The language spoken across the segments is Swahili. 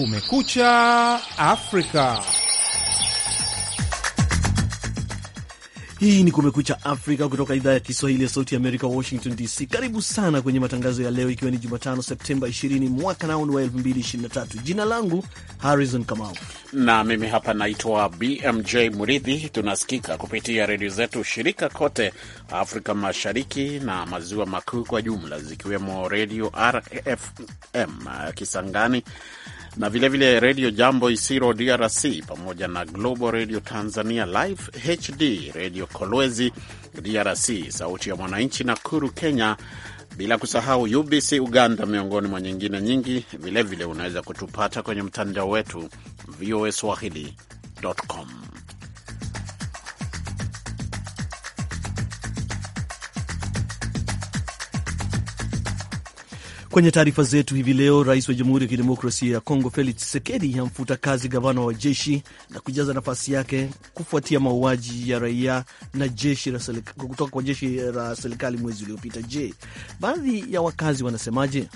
Kumekucha Afrika. Hii ni Kumekucha Afrika kutoka idhaa ya Kiswahili ya Sauti ya Amerika, Washington DC. Karibu sana kwenye matangazo ya leo, ikiwa ni Jumatano Septemba 20 mwaka ni wa 2023. Jina langu Harrison Kamau na mimi hapa naitwa BMJ Muridhi. Tunasikika kupitia redio zetu shirika kote Afrika Mashariki na Maziwa Makuu kwa jumla, zikiwemo Redio RFM Kisangani, na vilevile Redio Jambo Isiro DRC pamoja na Global Radio Tanzania Live HD, Redio Kolwezi DRC, Sauti ya Mwananchi na Kuru Kenya, bila kusahau UBC Uganda, miongoni mwa nyingine nyingi. Vilevile unaweza kutupata kwenye mtandao wetu voa swahili.com. Kwenye taarifa zetu hivi leo, rais wa Jamhuri ya Kidemokrasia ya Kongo Felix Tshisekedi amfuta kazi gavana wa jeshi na kujaza nafasi yake kufuatia mauaji ya raia na jeshi kutoka kwa jeshi la serikali mwezi uliopita. Je, baadhi ya wakazi wanasemaje?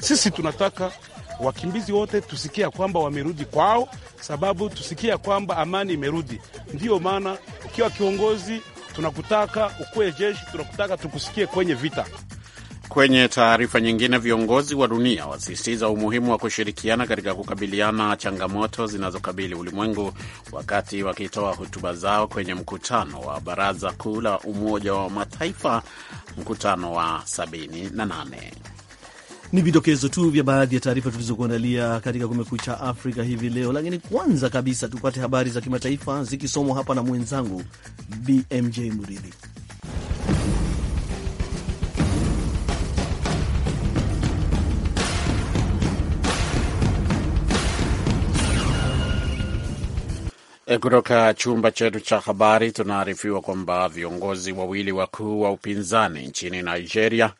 Sisi tunataka wakimbizi wote tusikia kwamba wamerudi kwao, sababu tusikia kwamba amani imerudi. Ndiyo maana ukiwa kiongozi tunakutaka ukuwe jeshi, tunakutaka tukusikie kwenye vita. Kwenye taarifa nyingine, viongozi wa dunia wasisitiza umuhimu wa kushirikiana katika kukabiliana changamoto zinazokabili ulimwengu wakati wakitoa hotuba zao kwenye mkutano wa Baraza Kuu la Umoja wa Mataifa, mkutano wa 78. Ni vidokezo tu vya baadhi ya taarifa tulizokuandalia katika Kumekucha Afrika hivi leo, lakini kwanza kabisa tupate habari za kimataifa zikisomwa hapa na mwenzangu BMJ Muridhi. E, kutoka chumba chetu cha habari tunaarifiwa kwamba viongozi wawili wakuu wa upinzani nchini Nigeria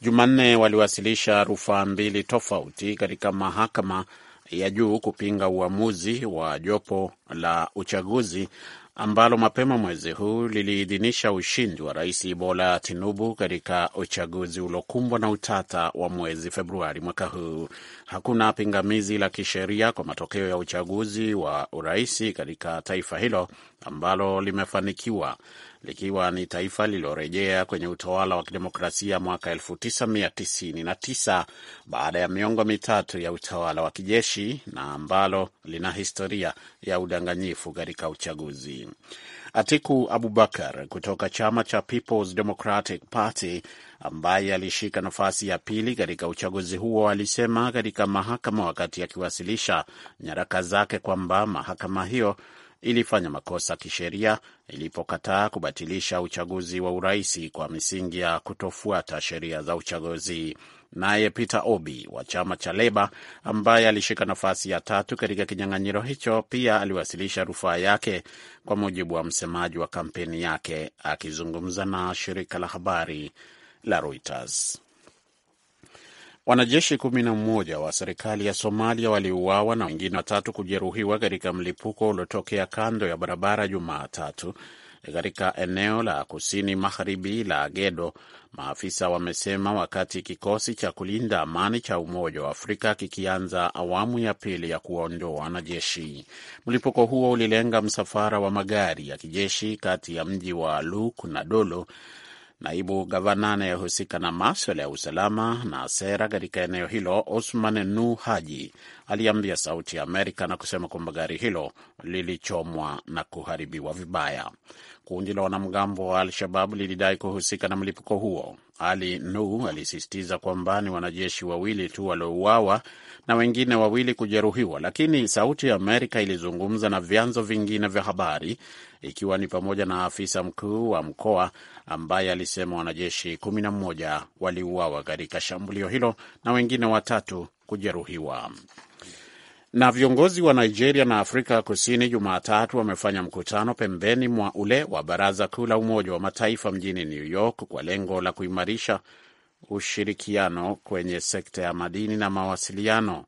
Jumanne waliwasilisha rufaa mbili tofauti katika mahakama ya juu kupinga uamuzi wa jopo la uchaguzi ambalo mapema mwezi huu liliidhinisha ushindi wa rais Bola Tinubu katika uchaguzi uliokumbwa na utata wa mwezi Februari mwaka huu hakuna pingamizi la kisheria kwa matokeo ya uchaguzi wa uraisi katika taifa hilo ambalo limefanikiwa likiwa ni taifa lililorejea kwenye utawala wa kidemokrasia mwaka 1999 baada ya miongo mitatu ya utawala wa kijeshi na ambalo lina historia ya udanganyifu katika uchaguzi. Atiku Abubakar kutoka chama cha Peoples Democratic Party ambaye alishika nafasi ya pili katika uchaguzi huo alisema katika mahakama wakati akiwasilisha nyaraka zake kwamba mahakama hiyo ilifanya makosa kisheria ilipokataa kubatilisha uchaguzi wa uraisi kwa misingi ya kutofuata sheria za uchaguzi. Naye Peter Obi wa chama cha Leba ambaye alishika nafasi ya tatu katika kinyang'anyiro hicho pia aliwasilisha rufaa yake, kwa mujibu wa msemaji wa kampeni yake akizungumza na shirika la habari la Reuters. Wanajeshi kumi na mmoja wa serikali ya Somalia waliuawa na wengine watatu kujeruhiwa katika mlipuko uliotokea kando ya barabara Jumatatu katika eneo la kusini magharibi la Gedo maafisa wamesema, wakati kikosi cha kulinda amani cha Umoja wa Afrika kikianza awamu ya pili ya kuwaondoa wanajeshi. Mlipuko huo ulilenga msafara wa magari ya kijeshi kati ya mji wa Luk na Dolo Naibu gavana anayehusika na maswala ya usalama na sera katika eneo hilo Osman Nu Haji aliambia Sauti ya Amerika na kusema kwamba gari hilo lilichomwa na kuharibiwa vibaya. Kundi la wanamgambo wa Al-Shabab lilidai kuhusika na mlipuko huo. Ali Nu alisisitiza kwamba ni wanajeshi wawili tu waliouawa na wengine wawili kujeruhiwa, lakini Sauti ya Amerika ilizungumza na vyanzo vingine vya habari, ikiwa ni pamoja na afisa mkuu wa mkoa ambaye alisema wanajeshi 11 waliuawa katika shambulio hilo na wengine watatu kujeruhiwa. Na viongozi wa Nigeria na Afrika Kusini Jumatatu wamefanya mkutano pembeni mwa ule wa Baraza Kuu la Umoja wa Mataifa mjini New York kwa lengo la kuimarisha ushirikiano kwenye sekta ya madini na mawasiliano.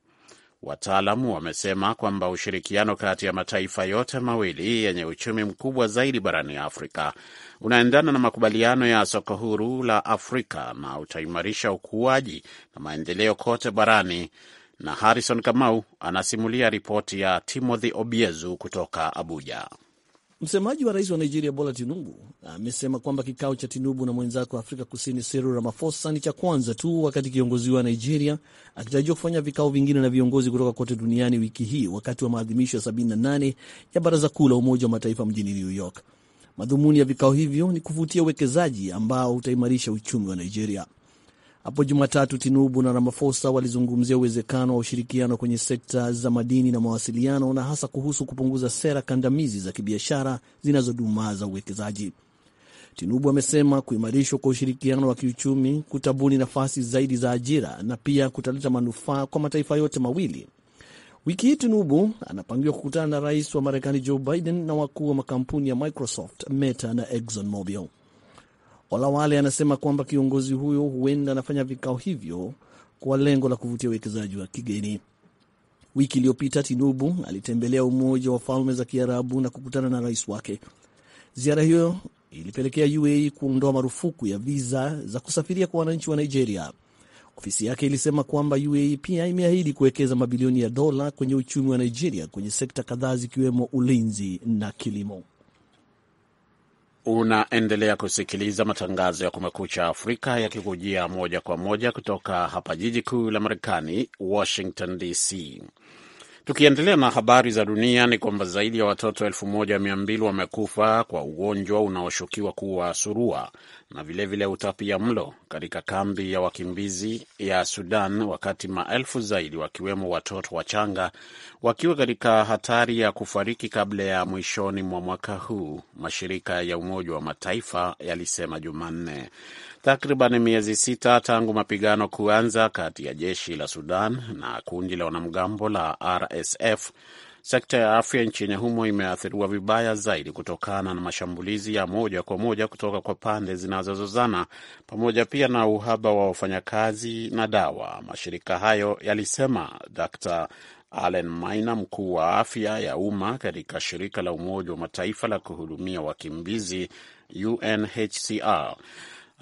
Wataalamu wamesema kwamba ushirikiano kati ya mataifa yote mawili yenye uchumi mkubwa zaidi barani Afrika unaendana na makubaliano ya soko huru la Afrika na utaimarisha ukuaji na maendeleo kote barani. Na Harrison Kamau anasimulia ripoti ya Timothy Obiezu kutoka Abuja. Msemaji wa rais wa Nigeria Bola Tinubu amesema kwamba kikao cha Tinubu na mwenzake wa Afrika Kusini Cyril Ramaphosa ni cha kwanza tu, wakati kiongozi wa Nigeria akitarajiwa kufanya vikao vingine na viongozi kutoka kote duniani wiki hii wakati wa maadhimisho ya 78 ya Baraza Kuu la Umoja wa Mataifa mjini New York. Madhumuni ya vikao hivyo ni kuvutia uwekezaji ambao utaimarisha uchumi wa Nigeria. Hapo Jumatatu, Tinubu na ramafosa walizungumzia uwezekano wa ushirikiano kwenye sekta za madini na mawasiliano na hasa kuhusu kupunguza sera kandamizi za kibiashara zinazodumaza uwekezaji. Tinubu amesema kuimarishwa kwa ushirikiano wa kiuchumi kutabuni nafasi zaidi za ajira na pia kutaleta manufaa kwa mataifa yote mawili. Wiki hii Tinubu anapangiwa kukutana na rais wa Marekani Joe Biden na wakuu wa makampuni ya Microsoft, Meta na ExxonMobil Mobil. Olawale anasema kwamba kiongozi huyo huenda anafanya vikao hivyo kwa lengo la kuvutia uwekezaji wa kigeni. Wiki iliyopita Tinubu alitembelea Umoja wa Falme za Kiarabu na kukutana na rais wake. Ziara hiyo ilipelekea UAE kuondoa marufuku ya viza za kusafiria kwa wananchi wa Nigeria. Ofisi yake ilisema kwamba UAE pia imeahidi kuwekeza mabilioni ya dola kwenye uchumi wa Nigeria kwenye sekta kadhaa zikiwemo ulinzi na kilimo. Unaendelea kusikiliza matangazo ya Kumekucha Afrika yakikujia moja kwa moja kutoka hapa jiji kuu la Marekani, Washington DC. Tukiendelea na habari za dunia ni kwamba zaidi ya watoto elfu moja mia mbili wamekufa kwa ugonjwa unaoshukiwa kuwa surua na vilevile utapia mlo katika kambi ya wakimbizi ya Sudan, wakati maelfu zaidi wakiwemo watoto wachanga wakiwa katika hatari ya kufariki kabla ya mwishoni mwa mwaka huu, mashirika ya Umoja wa Mataifa yalisema Jumanne. Takriban miezi sita tangu mapigano kuanza kati ya jeshi la Sudan na kundi la wanamgambo la RSF, sekta ya afya nchini humo imeathiriwa vibaya zaidi kutokana na mashambulizi ya moja kwa moja kutoka kwa pande zinazozozana pamoja pia na uhaba wa wafanyakazi na dawa, mashirika hayo yalisema. Dr Allen Maina, mkuu wa afya ya umma katika shirika la Umoja wa Mataifa la kuhudumia wakimbizi UNHCR,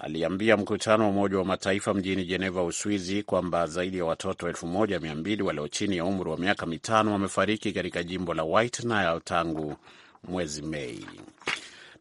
aliambia mkutano wa Umoja wa Mataifa mjini Jeneva, Uswizi, kwamba zaidi ya watoto 1200 walio chini ya umri wa miaka mitano wamefariki katika jimbo la White Nile tangu mwezi Mei.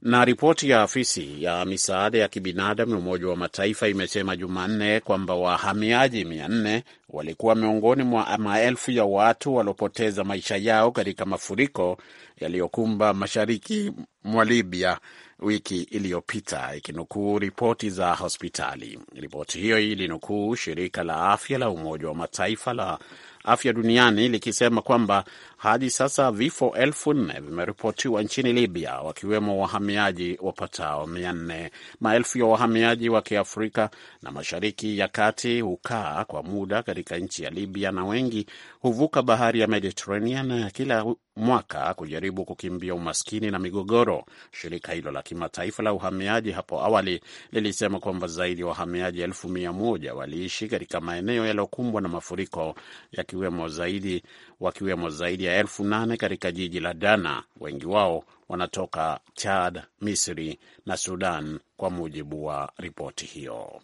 Na ripoti ya afisi ya misaada ya kibinadamu ya Umoja wa Mataifa imesema Jumanne kwamba wahamiaji 400 walikuwa miongoni mwa maelfu ya watu waliopoteza maisha yao katika mafuriko yaliyokumba mashariki mwa Libya wiki iliyopita ikinukuu ripoti za hospitali. Ripoti hiyo ilinukuu shirika la afya la Umoja wa Mataifa la afya duniani likisema kwamba hadi sasa vifo elfu nne vimeripotiwa nchini Libya, wakiwemo wahamiaji wapatao mia nne. Maelfu ya wahamiaji wa Kiafrika na Mashariki ya Kati hukaa kwa muda katika nchi ya Libya na wengi huvuka bahari ya Mediterranean kila mwaka kujaribu kukimbia umaskini na migogoro. Shirika hilo la kimataifa la uhamiaji hapo awali lilisema kwamba zaidi ya wahamiaji elfu mia moja waliishi katika maeneo yaliyokumbwa na mafuriko, yakiwemo zaidi wakiwemo zaidi ya elfu nane katika jiji la Dana. Wengi wao wanatoka Chad, Misri na Sudan, kwa mujibu wa ripoti hiyo.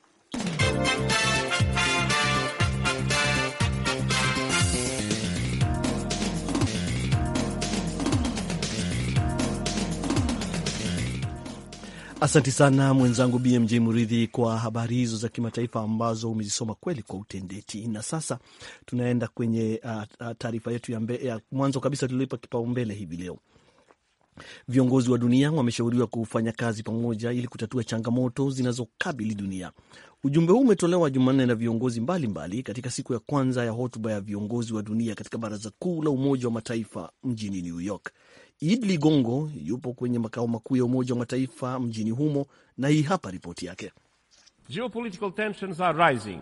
Asante sana mwenzangu BMJ Muridhi kwa habari hizo za kimataifa ambazo umezisoma kweli kwa utendeti. Na sasa tunaenda kwenye uh, taarifa yetu ya, ya mwanzo kabisa tulioipa kipaumbele hivi leo. Viongozi wa dunia wameshauriwa kufanya kazi pamoja ili kutatua changamoto zinazokabili dunia. Ujumbe huu umetolewa Jumanne na viongozi mbalimbali mbali, katika siku ya kwanza ya hotuba ya viongozi wa dunia katika Baraza Kuu la Umoja wa Mataifa mjini New York. Id Ligongo yupo kwenye makao makuu ya Umoja wa Mataifa mjini humo na hii hapa ripoti yake. Geopolitical tensions are rising.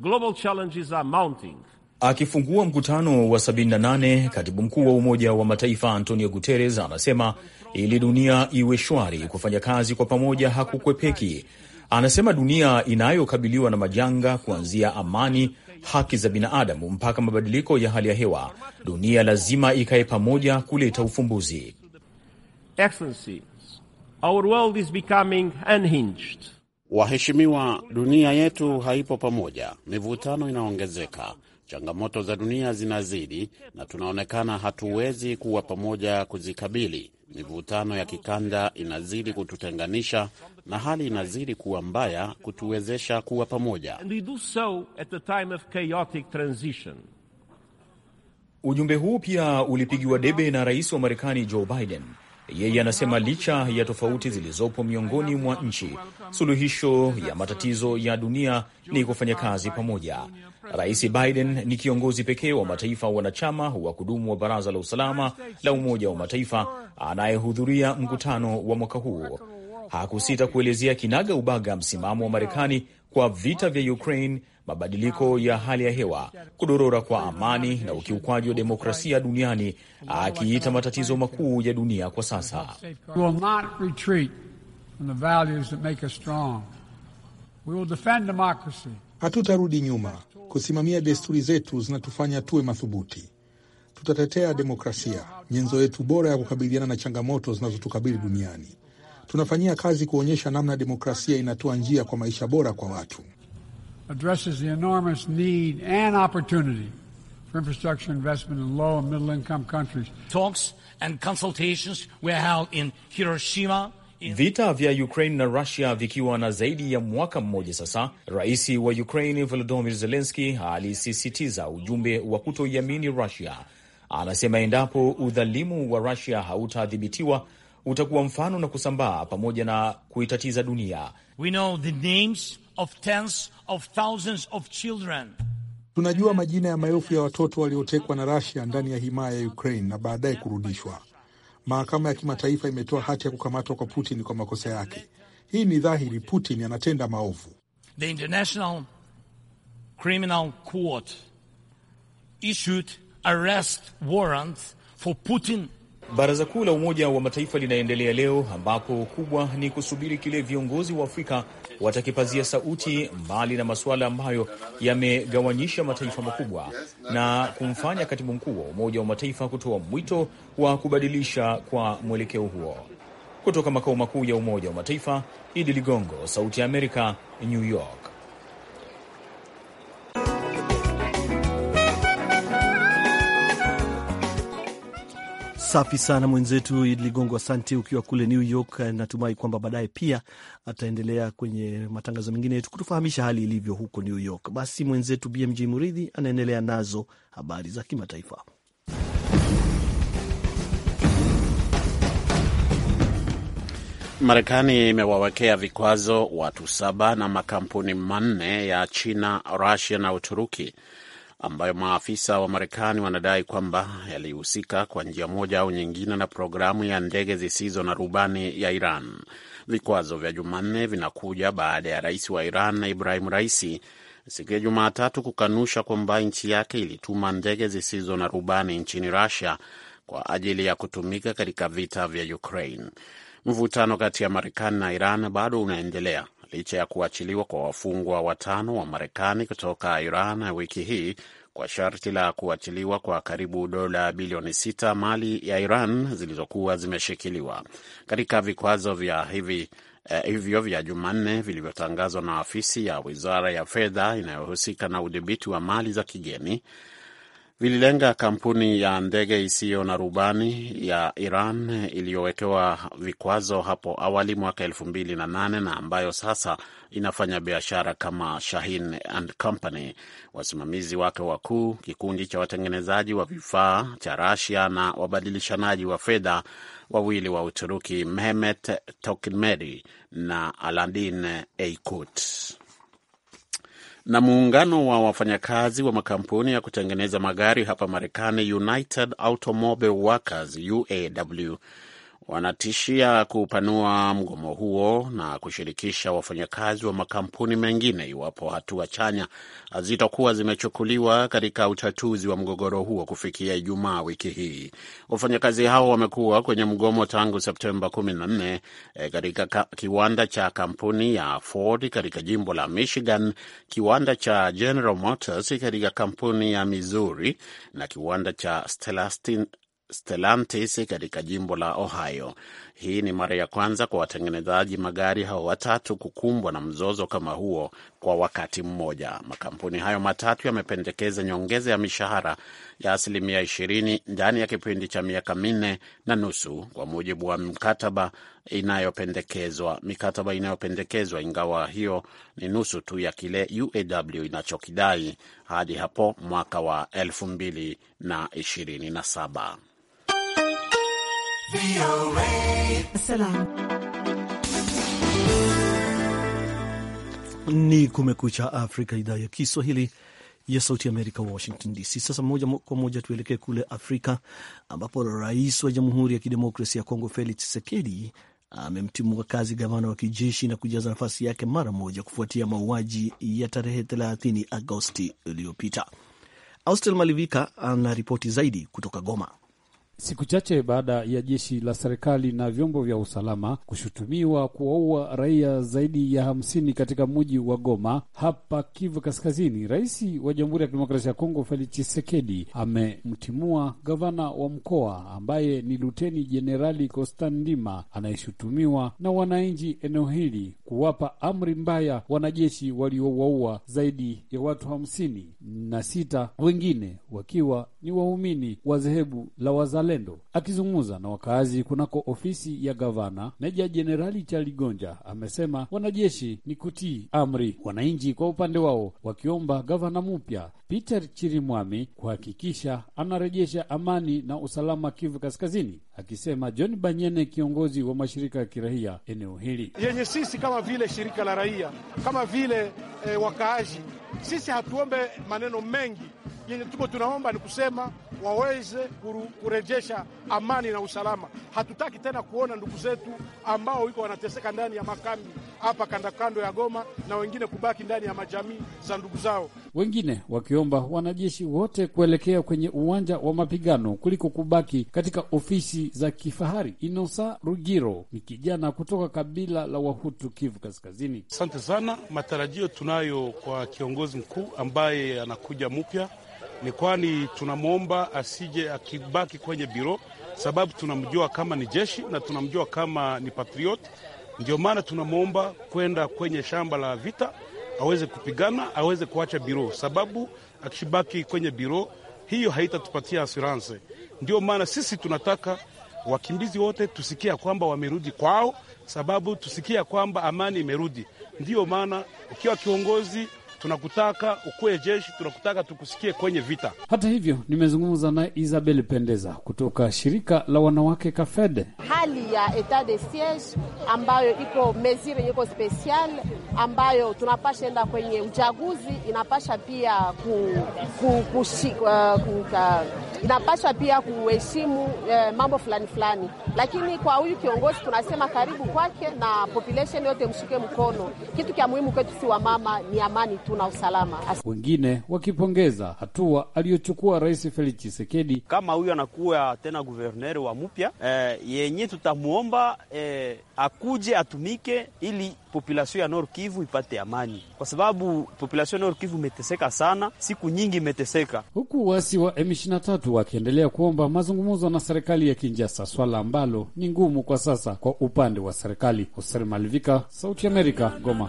Global challenges are mounting. Akifungua mkutano wa 78 katibu mkuu wa Umoja wa Mataifa Antonio Guterres anasema ili dunia iwe shwari, kufanya kazi kwa pamoja hakukwepeki. Anasema dunia inayokabiliwa na majanga kuanzia amani, haki za binadamu mpaka mabadiliko ya hali ya hewa, dunia lazima ikae pamoja kuleta ufumbuzi. Our world is becoming unhinged. Waheshimiwa, dunia yetu haipo pamoja, mivutano inaongezeka, changamoto za dunia zinazidi, na tunaonekana hatuwezi kuwa pamoja kuzikabili. Mivutano ya kikanda inazidi kututenganisha na hali inazidi kuwa mbaya kutuwezesha kuwa pamoja. Ujumbe huu pia ulipigiwa debe na rais wa Marekani Joe Biden yeye anasema licha ya tofauti zilizopo miongoni mwa nchi, suluhisho ya matatizo ya dunia ni kufanya kazi pamoja. Rais Biden ni kiongozi pekee wa mataifa wanachama wa kudumu wa Baraza la Usalama la Umoja wa Mataifa anayehudhuria mkutano wa mwaka huu. Hakusita kuelezea kinaga ubaga msimamo wa Marekani kwa vita vya Ukraine mabadiliko ya hali ya hewa, kudorora kwa amani na ukiukwaji wa demokrasia duniani, akiita matatizo makuu ya dunia kwa sasa. Hatutarudi nyuma. Kusimamia desturi zetu zinatufanya tuwe mathubuti. Tutatetea demokrasia, nyenzo yetu bora ya kukabiliana na changamoto zinazotukabili duniani. Tunafanyia kazi kuonyesha namna demokrasia inatoa njia kwa maisha bora kwa watu. addresses the enormous need and opportunity for infrastructure investment in low and middle income countries. Talks and consultations were held in Hiroshima. Vita vya Ukraine na Russia vikiwa na zaidi ya mwaka mmoja sasa, rais wa Ukraine Volodymyr Zelensky alisisitiza ujumbe wa kutoiamini Russia. Anasema endapo udhalimu wa Russia hautadhibitiwa utakuwa mfano na kusambaa pamoja na kuitatiza dunia. We know the names of tens of thousands of children. Tunajua majina ya maelfu ya watoto waliotekwa na Russia ndani ya himaya ya Ukraine na baadaye kurudishwa. Mahakama ya kimataifa imetoa hati ya kukamatwa kwa Putin kwa makosa yake. Hii ni dhahiri, Putin anatenda maovu. The International Criminal Court issued arrest warrant for Putin Baraza Kuu la Umoja wa Mataifa linaendelea leo, ambapo kubwa ni kusubiri kile viongozi wa Afrika watakipazia sauti, mbali na masuala ambayo yamegawanyisha mataifa makubwa na kumfanya katibu mkuu wa Umoja wa Mataifa kutoa mwito wa kubadilisha kwa mwelekeo huo. Kutoka makao makuu ya Umoja wa Mataifa, Idi Ligongo, Sauti ya Amerika, New York. Safi sana mwenzetu Idi Ligongo, asante ukiwa kule New York. Natumai kwamba baadaye pia ataendelea kwenye matangazo mengine yetu kutufahamisha hali ilivyo huko New York. Basi mwenzetu BMJ Muridhi anaendelea nazo habari za kimataifa. Marekani imewawekea vikwazo watu saba na makampuni manne ya China, Rusia na Uturuki ambayo maafisa wa Marekani wanadai kwamba yalihusika kwa njia moja au nyingine na programu ya ndege zisizo na rubani ya Iran. Vikwazo vya Jumanne vinakuja baada ya rais wa Iran Ibrahim Raisi siku ya Jumatatu kukanusha kwamba nchi yake ilituma ndege zisizo na rubani nchini rasia kwa ajili ya kutumika katika vita vya Ukraine. Mvutano kati ya Marekani na Iran bado unaendelea licha ya kuachiliwa kwa wafungwa watano wa Marekani kutoka Iran wiki hii kwa sharti la kuachiliwa kwa karibu dola bilioni sita mali ya Iran zilizokuwa zimeshikiliwa katika vikwazo vya hivi Uh, hivyo vya Jumanne vilivyotangazwa na afisi ya wizara ya fedha inayohusika na udhibiti wa mali za kigeni vililenga kampuni ya ndege isiyo na rubani ya Iran iliyowekewa vikwazo hapo awali mwaka elfu mbili na nane na ambayo sasa inafanya biashara kama shahin and Company. Wasimamizi wake wakuu, kikundi cha watengenezaji wa vifaa cha Rasia na wabadilishanaji wa fedha wawili wa Uturuki, Mehmet Tokmeri na Aladin Eikut. Na muungano wa wafanyakazi wa makampuni ya kutengeneza magari hapa Marekani, United Automobile Workers, UAW wanatishia kupanua mgomo huo na kushirikisha wafanyakazi wa makampuni mengine iwapo hatua chanya zitakuwa zimechukuliwa katika utatuzi wa mgogoro huo kufikia Ijumaa wiki hii. Wafanyakazi hao wamekuwa kwenye mgomo tangu Septemba 14 eh, katika kiwanda cha kampuni ya Ford katika jimbo la Michigan, kiwanda cha General Motors katika kampuni ya Missouri na kiwanda cha Stellantis Stellantis katika jimbo la Ohio hii ni mara ya kwanza kwa watengenezaji magari hao watatu kukumbwa na mzozo kama huo kwa wakati mmoja. Makampuni hayo matatu yamependekeza nyongeza ya mishahara ya asilimia ishirini ndani ya kipindi cha miaka minne na nusu kwa mujibu wa mkataba inayopendekezwa mikataba inayopendekezwa, ingawa hiyo ni nusu tu ya kile UAW inachokidai hadi hapo mwaka wa elfu mbili na ishirini na saba. Ni Kumekucha Afrika, idhaa ya Kiswahili ya Sauti Amerika, Washington DC. Sasa moja kwa moja tuelekee kule Afrika ambapo rais wa Jamhuri ya Kidemokrasia ya Kongo Felix Tshisekedi amemtimua kazi gavana wa kijeshi na kujaza nafasi yake mara moja kufuatia mauaji ya tarehe 30 Agosti iliyopita. Austel Malivika ana ripoti zaidi kutoka Goma. Siku chache baada ya jeshi la serikali na vyombo vya usalama kushutumiwa kuwaua raia zaidi ya hamsini katika mji wa Goma hapa Kivu Kaskazini, rais wa Jamhuri ya Kidemokrasia ya Kongo Felix Tshisekedi amemtimua gavana wa mkoa ambaye ni Luteni Jenerali Constant Ndima anayeshutumiwa na wananchi eneo hili kuwapa amri mbaya wanajeshi waliowaua zaidi ya watu hamsini na sita, wengine wakiwa ni waumini wa dhehebu la wazali Wazalendo. Akizungumza na wakazi kunako ofisi ya gavana, Meja Jenerali Chaligonja amesema wanajeshi ni kutii amri, wananchi kwa upande wao wakiomba gavana mpya Peter Chirimwami kuhakikisha anarejesha amani na usalama Kivu Kaskazini, akisema John Banyene, kiongozi wa mashirika ya kirahia eneo hili yenye sisi kama vile shirika la raia kama vile e, eh, wakaaji sisi hatuombe maneno mengi yenye tuko tunaomba ni kusema waweze kurejesha amani na usalama. Hatutaki tena kuona ndugu zetu ambao iko wanateseka ndani ya makambi hapa kando kando ya Goma na wengine kubaki ndani ya majamii za ndugu zao, wengine wakiomba wanajeshi wote kuelekea kwenye uwanja wa mapigano kuliko kubaki katika ofisi za kifahari. Inosa Rugiro ni kijana kutoka kabila la Wahutu, Kivu Kaskazini. Asante sana. Matarajio tunayo kwa kiongozi mkuu ambaye anakuja mpya ni kwani tunamwomba asije akibaki kwenye biro, sababu tunamjua kama ni jeshi na tunamjua kama ni patrioti. Ndio maana tunamwomba kwenda kwenye shamba la vita, aweze kupigana, aweze kuacha biro, sababu akishibaki kwenye biro hiyo haitatupatia asiranse. Ndio maana sisi tunataka wakimbizi wote tusikia kwamba wamerudi kwao, sababu tusikia kwamba amani imerudi. Ndiyo maana ukiwa kiongozi tunakutaka ukuwe jeshi, tunakutaka tukusikie kwenye vita. Hata hivyo, nimezungumza naye Isabel Pendeza kutoka shirika la wanawake Kafede. Hali ya etat de siege ambayo iko mezire iko spesial ambayo tunapasha enda kwenye uchaguzi, inapasha pia ku, ku, kushi, uh, kuka, inapasha pia kuheshimu uh, mambo fulani fulani, lakini kwa huyu kiongozi tunasema karibu kwake na population yote mshike mkono. Kitu kya muhimu kwetu si wamama, ni amani tu na usalama. Wengine wakipongeza hatua aliyochukua Rais Felix Tshisekedi. Kama huyo anakuwa tena guverneri wa mpya eh, yenye tutamwomba eh, akuje atumike ili populasio ya Nord Kivu ipate amani, kwa sababu populasio ya Nord Kivu imeteseka sana, siku nyingi imeteseka, huku wasi wa M23 wakiendelea kuomba mazungumzo na serikali ya Kinjasa, swala ambalo ni ngumu kwa sasa kwa upande wa serikali. Hoser Malivika, Sauti Amerika, Goma.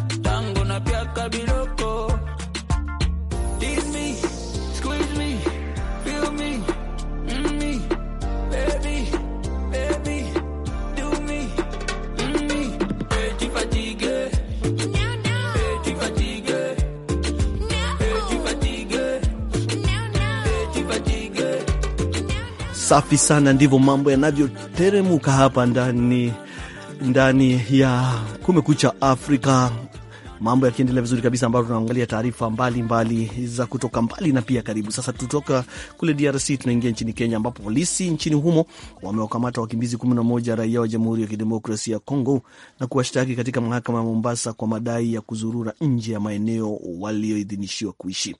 Safi sana, ndivyo mambo yanavyoteremuka hapa ndani ndani ya Kumekucha Afrika, mambo yakiendelea vizuri kabisa, ambayo tunaangalia taarifa mbalimbali za kutoka mbali na pia karibu. Sasa tutoka kule DRC tunaingia nchini Kenya, ambapo polisi nchini humo wamewakamata wakimbizi 11 raia wa Jamhuri ya Kidemokrasia ya Kongo na kuwashtaki katika mahakama ya Mombasa kwa madai ya kuzurura nje ya maeneo walioidhinishiwa kuishi.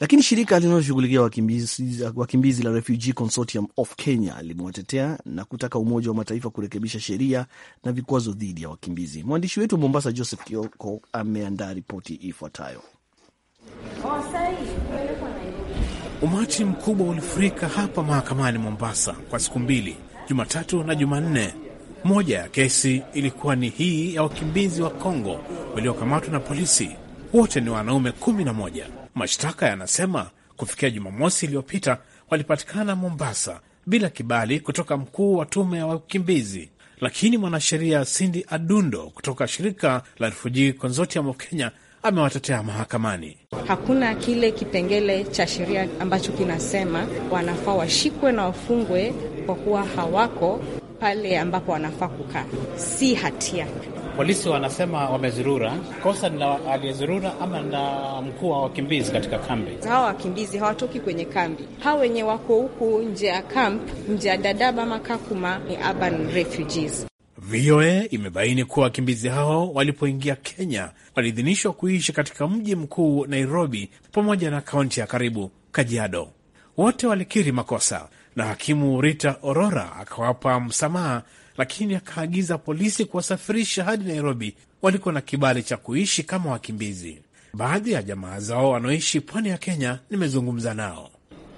Lakini shirika linaloshughulikia wakimbizi, wakimbizi la Refugee Consortium of Kenya limewatetea na kutaka Umoja wa Mataifa kurekebisha sheria na vikwazo dhidi ya wakimbizi. Mwandishi wetu Mombasa, Joseph Kioko, ameandaa ripoti ifuatayo. Umati mkubwa ulifurika hapa mahakamani Mombasa kwa siku mbili, Jumatatu na Jumanne. Moja ya kesi ilikuwa ni hii ya wakimbizi wa Kongo waliokamatwa na polisi. Wote ni wanaume kumi na moja. Mashtaka yanasema kufikia Jumamosi iliyopita walipatikana Mombasa bila kibali kutoka mkuu wa tume ya wakimbizi, lakini mwanasheria Sindi Adundo kutoka shirika la Refugee Consortium of Kenya amewatetea mahakamani. Hakuna kile kipengele cha sheria ambacho kinasema wanafaa washikwe na wafungwe kwa kuwa hawako pale ambapo wanafaa kukaa, si hatia. Polisi wanasema wamezurura. Kosa ni la aliyezurura ama la mkuu wa wakimbizi katika kambi? Hawa wakimbizi hawatoki kwenye kambi, hawa wenye wako huku nje ya kamp, nje ya Dadaba ama Kakuma ni urban refugees. VOA imebaini kuwa wakimbizi hao walipoingia Kenya waliidhinishwa kuishi katika mji mkuu Nairobi pamoja na kaunti ya karibu Kajiado. Wote walikiri makosa na hakimu Rita Orora akawapa msamaha lakini akaagiza polisi kuwasafirisha hadi Nairobi waliko na kibali cha kuishi kama wakimbizi. Baadhi ya jamaa zao wanaoishi pwani ya Kenya nimezungumza nao.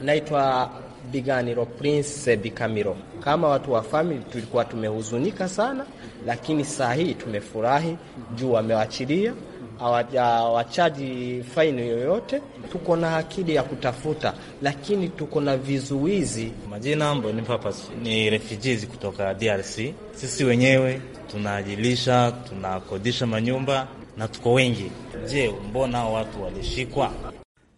Naitwa Biganiro Prince Bikamiro. Kama watu wa famili tulikuwa tumehuzunika sana, lakini saa hii tumefurahi juu wamewachilia hawajawachaji faini yoyote. Tuko na akili ya kutafuta, lakini tuko na vizuizi. Majina ambo ni papas ni refugees kutoka DRC. Sisi wenyewe tunaajilisha, tunakodisha manyumba na tuko wengi. Je, mbona watu walishikwa?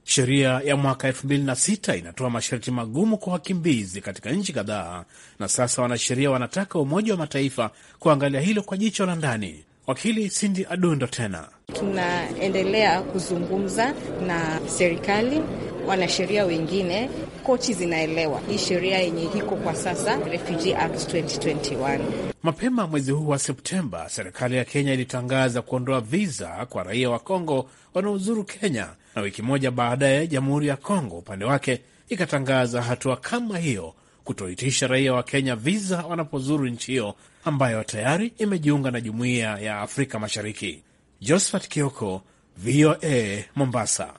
Sheria ya mwaka 2006 inatoa masharti magumu kwa wakimbizi katika nchi kadhaa, na sasa wanasheria wanataka Umoja wa Mataifa kuangalia hilo kwa jicho la ndani. Wakili Cindy Adundo tena, tunaendelea kuzungumza na serikali, wanasheria wengine, kochi zinaelewa hii sheria yenye iko kwa sasa, Refugee Act 2021. Mapema mwezi huu wa Septemba, serikali ya Kenya ilitangaza kuondoa viza kwa raia wa Kongo wanaozuru Kenya, na wiki moja baadaye, jamhuri ya Kongo upande wake ikatangaza hatua kama hiyo kutoitisha raia wa Kenya viza wanapozuru nchi hiyo ambayo tayari imejiunga na jumuiya ya Afrika Mashariki. Josephat Kioko, VOA Mombasa.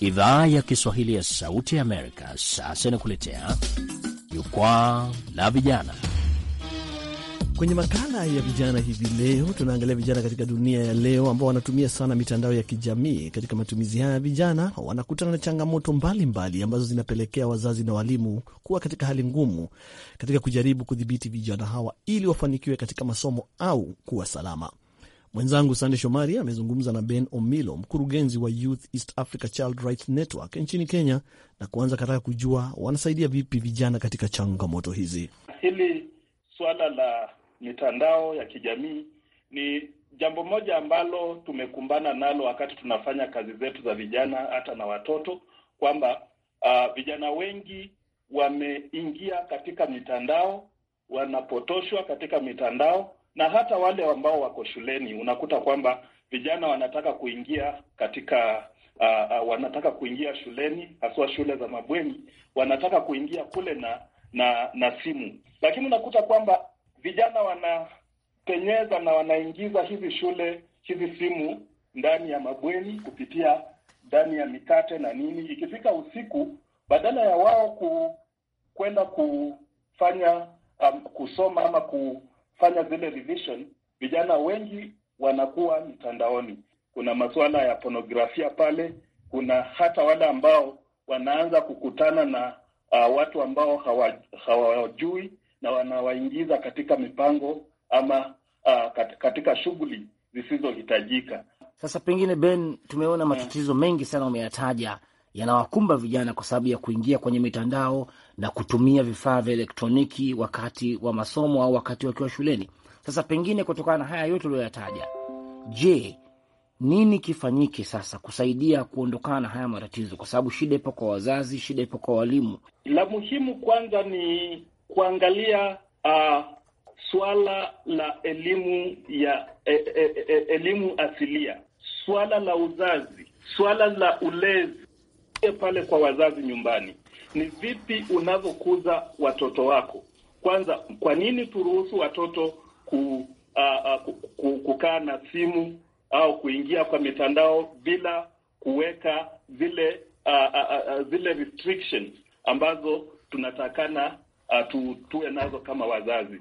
Idhaa ya Kiswahili ya Sauti ya Amerika sasa inakuletea jukwaa la vijana. Kwenye makala ya vijana hivi leo tunaangalia vijana katika dunia ya leo ambao wanatumia sana mitandao ya kijamii. Katika matumizi haya ya vijana wanakutana na changamoto mbalimbali mbali, ambazo zinapelekea wazazi na walimu kuwa katika hali ngumu katika kujaribu kudhibiti vijana hawa ili wafanikiwe katika masomo au kuwa salama. Mwenzangu Sande Shomari amezungumza na Ben Omilo, mkurugenzi wa Youth East Africa Child Rights Network nchini Kenya, na kuanza kataka kujua wanasaidia vipi vijana katika changamoto hizi. Hili swala la mitandao ya kijamii ni jambo moja ambalo tumekumbana nalo wakati tunafanya kazi zetu za vijana hata na watoto, kwamba uh, vijana wengi wameingia katika mitandao, wanapotoshwa katika mitandao, na hata wale ambao wako shuleni unakuta kwamba vijana wanataka kuingia katika uh, uh, wanataka kuingia shuleni, haswa shule za mabweni, wanataka kuingia kule na na na simu, lakini unakuta kwamba vijana wanatenyeza na wanaingiza hizi shule hizi simu ndani ya mabweni kupitia ndani ya mikate na nini. Ikifika usiku, badala ya wao ku, kwenda kufanya um, kusoma ama kufanya zile revision, vijana wengi wanakuwa mitandaoni. Kuna masuala ya pornografia pale, kuna hata wale ambao wanaanza kukutana na uh, watu ambao hawajui na wanawaingiza katika mipango ama uh, kat, katika shughuli zisizohitajika. Sasa pengine, Ben, tumeona hmm. matatizo mengi sana umeyataja yanawakumba vijana kwa sababu ya kuingia kwenye mitandao na kutumia vifaa vya elektroniki wakati wa masomo au wakati wakiwa shuleni. Sasa pengine, kutokana na haya yote uliyoyataja, je, nini kifanyike sasa kusaidia kuondokana na haya matatizo? Kwa sababu shida ipo kwa wazazi, shida ipo kwa walimu. La muhimu kwanza ni kuangalia uh, suala la elimu ya e, e, e, elimu asilia, suala la uzazi, suala la ulezi e, pale kwa wazazi nyumbani. Ni vipi unavyokuza watoto wako? Kwanza, kwa nini turuhusu watoto ku, uh, uh, ku, ku, kukaa na simu au kuingia kwa mitandao bila kuweka zile uh, uh, uh, uh zile restrictions ambazo tunatakana Ah, tu, tuwe nazo kama wazazi.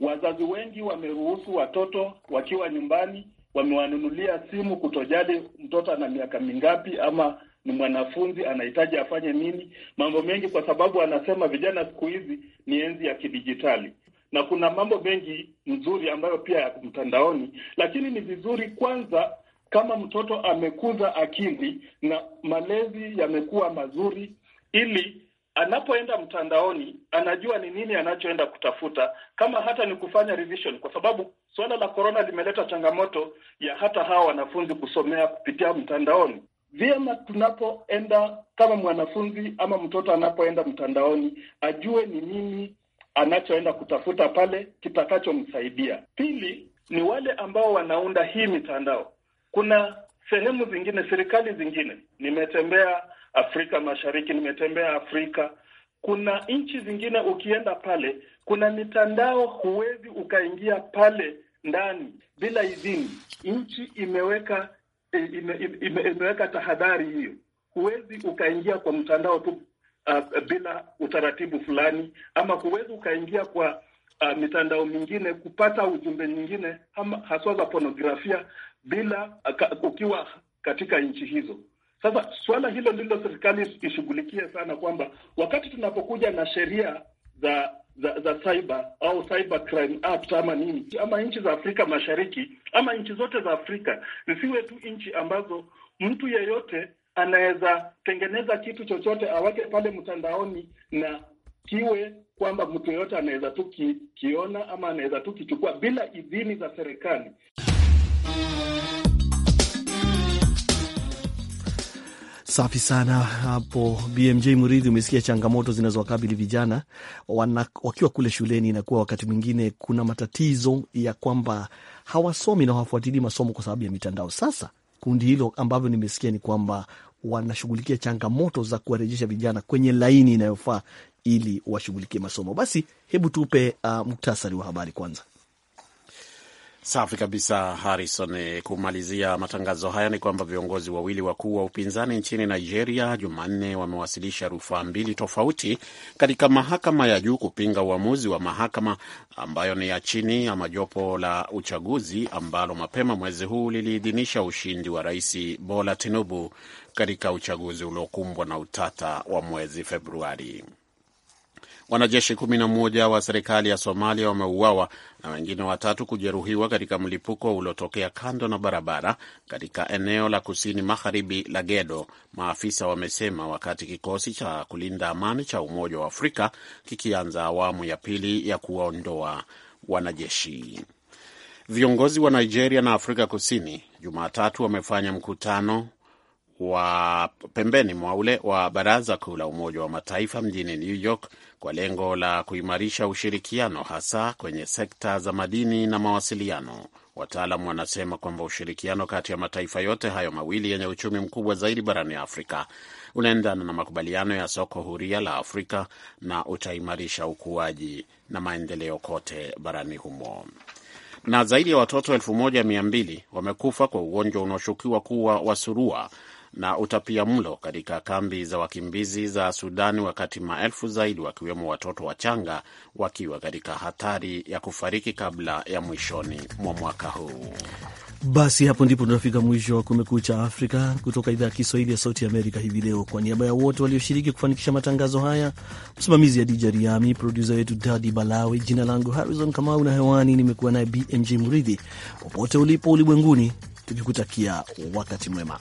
Wazazi wengi wameruhusu watoto wakiwa nyumbani, wamewanunulia simu, kutojali mtoto ana miaka mingapi ama ni mwanafunzi anahitaji afanye nini, mambo mengi, kwa sababu anasema vijana siku hizi ni enzi ya kidijitali na kuna mambo mengi mzuri ambayo pia ya mtandaoni, lakini ni vizuri kwanza, kama mtoto amekuza akili na malezi yamekuwa mazuri, ili anapoenda mtandaoni anajua ni nini anachoenda kutafuta, kama hata ni kufanya revision, kwa sababu suala la korona limeleta changamoto ya hata hawa wanafunzi kusomea kupitia mtandaoni. Vyema, tunapoenda kama mwanafunzi ama mtoto anapoenda mtandaoni ajue ni nini anachoenda kutafuta pale kitakachomsaidia. Pili ni wale ambao wanaunda hii mitandao. Kuna sehemu zingine, serikali zingine, nimetembea Afrika Mashariki, nimetembea Afrika. Kuna nchi zingine ukienda pale, kuna mitandao huwezi ukaingia pale ndani bila idhini. Nchi imeweka e, ime, ime, imeweka tahadhari hiyo, huwezi ukaingia kwa mtandao tu uh, bila utaratibu fulani, ama huwezi ukaingia kwa uh, mitandao mingine kupata ujumbe nyingine, haswa za pornografia bila uh, ukiwa katika nchi hizo. Sasa swala hilo ndilo serikali ishughulikie sana, kwamba wakati tunapokuja na sheria za za za cyber au cyber crime act ama nini ama nchi za Afrika Mashariki ama nchi zote za Afrika, zisiwe tu nchi ambazo mtu yeyote anaweza tengeneza kitu chochote aweke pale mtandaoni na kiwe kwamba mtu yeyote anaweza tu kiona ama anaweza tu kichukua bila idhini za serikali. Safi sana hapo BMJ Muridhi. Umesikia changamoto zinazowakabili vijana wana, wakiwa kule shuleni. Inakuwa wakati mwingine kuna matatizo ya kwamba hawasomi na hawafuatili masomo kwa sababu ya mitandao. Sasa kundi hilo ambavyo nimesikia ni kwamba wanashughulikia changamoto za kuwarejesha vijana kwenye laini inayofaa ili washughulikie masomo. Basi hebu tupe uh, muktasari wa habari kwanza. Safi kabisa, Harrison. Kumalizia matangazo haya ni kwamba viongozi wawili wakuu wa upinzani nchini Nigeria Jumanne wamewasilisha rufaa mbili tofauti katika mahakama ya juu kupinga uamuzi wa mahakama ambayo ni ya chini ama jopo la uchaguzi ambalo mapema mwezi huu liliidhinisha ushindi wa Rais Bola Tinubu katika uchaguzi uliokumbwa na utata wa mwezi Februari. Wanajeshi kumi na moja wa serikali ya Somalia wameuawa na wengine watatu kujeruhiwa katika mlipuko uliotokea kando na barabara katika eneo la kusini magharibi la Gedo, maafisa wamesema, wakati kikosi cha kulinda amani cha Umoja wa Afrika kikianza awamu ya pili ya kuwaondoa wanajeshi. Viongozi wa Nigeria na Afrika Kusini Jumatatu wamefanya mkutano wa pembeni mwa ule wa Baraza Kuu la Umoja wa Mataifa mjini New York kwa lengo la kuimarisha ushirikiano hasa kwenye sekta za madini na mawasiliano. wataalam wanasema kwamba ushirikiano kati ya mataifa yote hayo mawili yenye uchumi mkubwa zaidi barani Afrika unaendana na makubaliano ya soko huria la Afrika na utaimarisha ukuaji na maendeleo kote barani humo. Na zaidi ya watoto elfu moja mia mbili wamekufa kwa ugonjwa unaoshukiwa kuwa wa surua na utapia mlo katika kambi za wakimbizi za Sudani, wakati maelfu zaidi wakiwemo watoto wachanga wakiwa katika hatari ya kufariki kabla ya mwishoni mwa mwaka huu. Basi hapo ndipo tunafika mwisho wa Kumekucha Afrika kutoka idhaa ya Kiswahili ya Sauti Amerika hivi leo. Kwa niaba ya wote walioshiriki kufanikisha matangazo haya, msimamizi ya Dija Riami, produsa wetu Dadi Balawe, jina langu Harrison Kamau na hewani nimekuwa naye BMJ mridhi Popote ulipo ulimwenguni, tukikutakia wakati mwema.